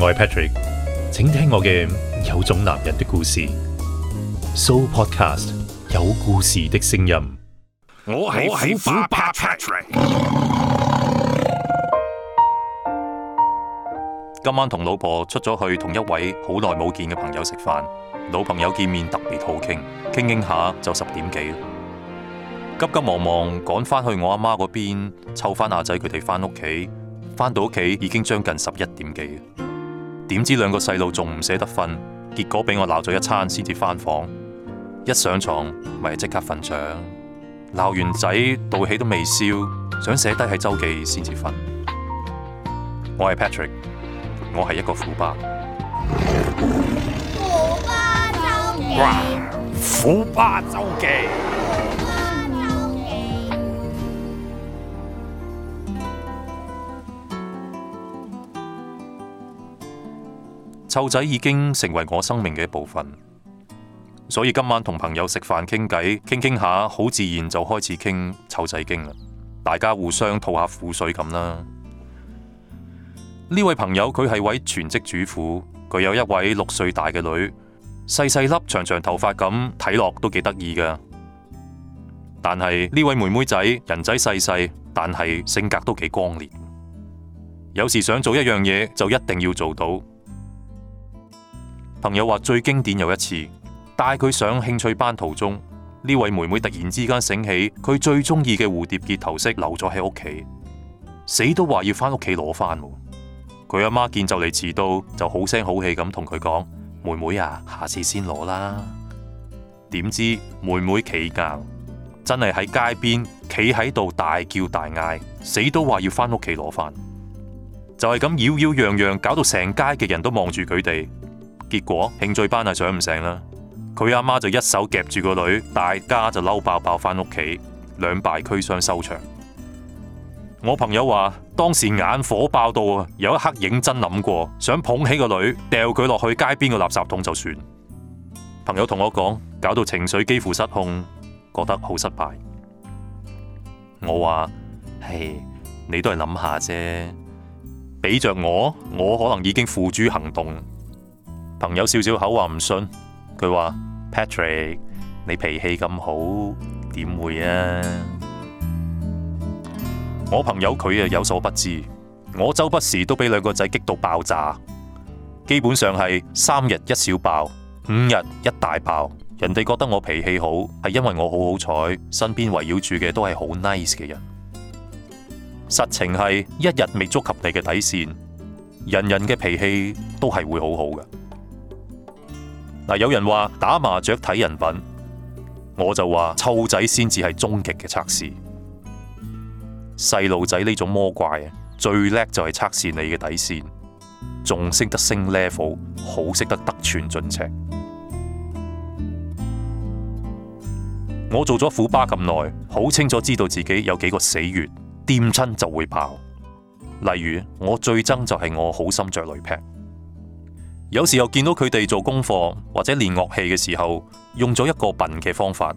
愛 p 請聽我嘅有種男人的故事。So Podcast 有故事的聲音。我係虎爸 Patrick。 今晚同老婆出咗去，同一位好耐冇見嘅朋友食飯。老朋友見面特別好傾，傾傾下就十點幾急急忙忙趕翻，去我阿媽嗰邊，湊翻阿仔佢哋翻屋企。翻到屋企已經將近十一點幾。點知兩個細路仲唔捨得瞓，結果俾我鬧咗一餐先至翻房。一上床咪、就是、即刻瞓着，鬧完仔，怒氣都未消，想寫低喺周記先至瞓。我係 Patrick，我係一個虎爸。虎爸周記，虎爸周記。湊仔已經成為我生命嘅一部分，所以今晚同朋友食飯傾偈，傾傾下，好自然就開始傾湊仔經啦。大家互相吐下苦水咁啦。呢位朋友佢係位全職主婦，佢有一位六歲大嘅女，細細粒長長頭髮咁，睇落都幾得意㗎。但係呢位妹妹仔人仔細細，但係性格都幾剛烈，有時想做一樣嘢就一定要做到。朋友話最經典有一次帶佢上興趣班途中，呢位妹妹突然之間醒起佢最中意嘅蝴蝶結頭飾留咗喺屋企，死都話要翻屋企攞翻。佢阿媽見就嚟遲到，就好聲好氣咁同佢講：妹妹啊，下次先攞啦。點知妹妹企硬，真係喺街邊企喺度大叫大嗌，死都話要翻屋企攞翻。就係咁，擾擾攘攘搞到成街嘅人都望住佢哋。結果興趣班係上唔成啦，佢阿媽就一手夾住個女，大家就嬲爆爆返屋企，兩敗俱傷收場。我朋友話當時眼火爆到啊，有一刻認真諗過，想捧起個女掉佢落去街邊個垃圾桶就算。朋友同我講，搞到情緒幾乎失控，覺得好失敗。我話：嘿，你都係諗下啫，俾着我，我可能已經付諸行動。朋友笑笑口話唔信，佢話 Patrick，你脾氣咁好點會啊？我朋友佢啊有所不知，我周不時都俾兩個仔激到爆炸，基本上係三日一小爆，五日一大爆。人哋覺得我脾氣好，係因為我好好彩，身邊圍繞住嘅都係好 nice 嘅人。實情係一日未觸及你嘅底線，人人嘅脾氣都係會好好㗎。嗱，有人話打麻雀睇人品，我就話湊仔先至係終極嘅測試。細路仔呢種魔怪啊，最叻就係測試你嘅底線，仲識得升 level，好識得得寸進尺。我做咗虎爸咁耐，好清楚知道自己有幾個死穴，掂親就會爆。例如，我最憎就係我好心着雷劈。有時候見到佢哋做功課或者練樂器嘅時候，用咗一個笨嘅方法，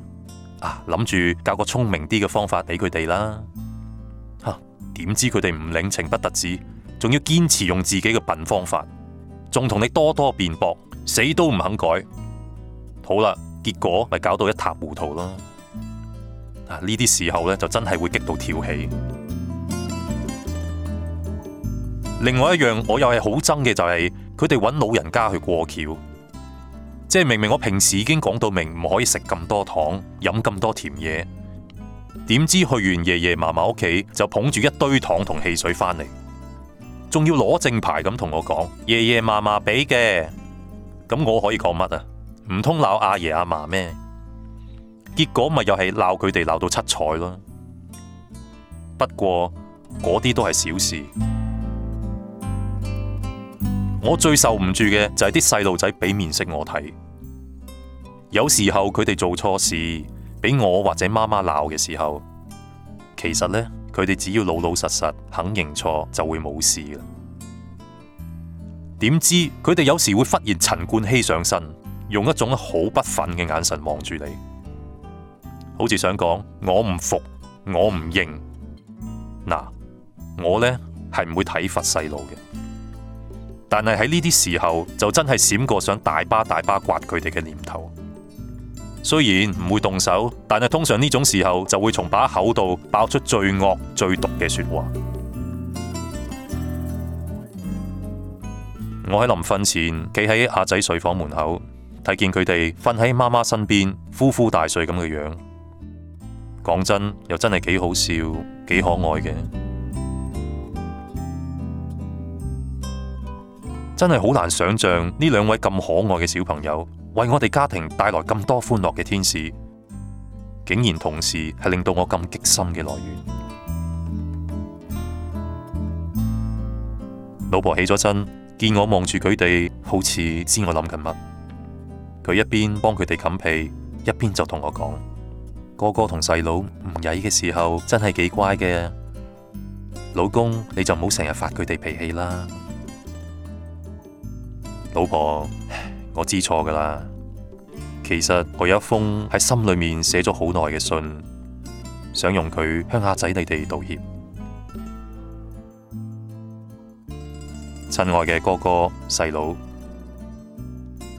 啊諗住教個聰明啲嘅方法畀佢哋啦，吓、啊、點知佢哋唔領情不特止，仲要堅持用自己嘅笨方法，仲同你多多辯駁，死都唔肯改。好啦，結果咪搞到一塌糊塗咯。啊呢啲時候咧就真係會激到跳起。另外一樣我又係好憎嘅就係、是。佢哋揾老人家去過橋，即係明明我平時已經講到明唔可以食咁多糖、飲咁多甜嘢，點知去完爺爺嫲嫲屋企就捧住一堆糖同汽水翻嚟，仲要攞正牌咁同我講爺爺嫲嫲畀嘅，咁我可以講乜啊？唔通鬧阿爺阿嫲咩？結果咪又係鬧佢哋鬧到七彩咯。不過嗰啲都係小事。我最受唔住嘅就係啲細路仔俾面色我睇。有時候佢哋做錯事俾我或者媽媽鬧嘅時候，其實呢，佢哋只要老老實實肯認錯就會冇事嘅。點知佢哋有時會忽然陳冠希上身，用一種好不忿嘅眼神望住你，好似想講我唔服，我唔認。嗱，我呢係唔會體罰細路嘅。但係喺呢啲時候就真係閃過想大巴大巴刮佢哋嘅念頭，雖然唔會動手，但係通常呢種時候就會從把口度爆出最惡最毒嘅說話。 我喺臨瞓前企喺阿仔睡房門口，睇見佢哋瞓喺媽媽身邊呼呼大睡咁嘅樣，講真又真係幾好笑，幾可愛嘅。真係好難想象呢兩位咁可愛嘅小朋友，為我哋家庭帶來咁多歡樂嘅天使，竟然同時係令到我咁激心嘅來源。 老婆起咗身，見我望住佢哋，好似知我諗緊乜。佢一邊幫佢哋冚被，一邊就同我講：哥哥同細佬唔曳嘅時候，真係幾乖嘅。老公，你就唔好成日發佢哋脾氣啦。老婆，我知錯㗎喇。其實我有一封喺心裏面寫咗好耐嘅信，想用佢向阿仔你哋道歉。親愛嘅哥哥、細佬，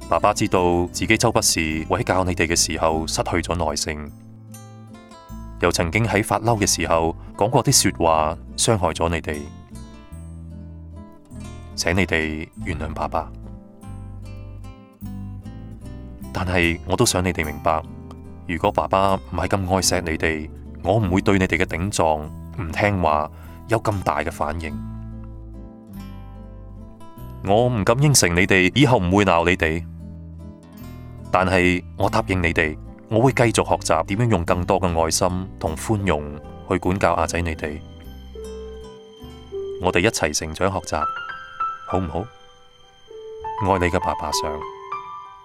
爸爸知道自己周不時會喺教你哋嘅時候失去咗耐性，又曾經喺發嬲嘅時候講過啲說話傷害咗你哋，請你哋原諒爸爸。但係，我都想你哋明白，如果爸爸唔係咁愛錫你哋，我唔會對你哋嘅頂撞、唔聽話有咁大嘅反應。我唔敢應承你哋以後唔會鬧你哋，但係我答應你哋，我會繼續學習點樣用更多嘅愛心同寬容去管教阿仔你哋。我哋一齊成長學習，好唔好？愛你嘅爸爸上。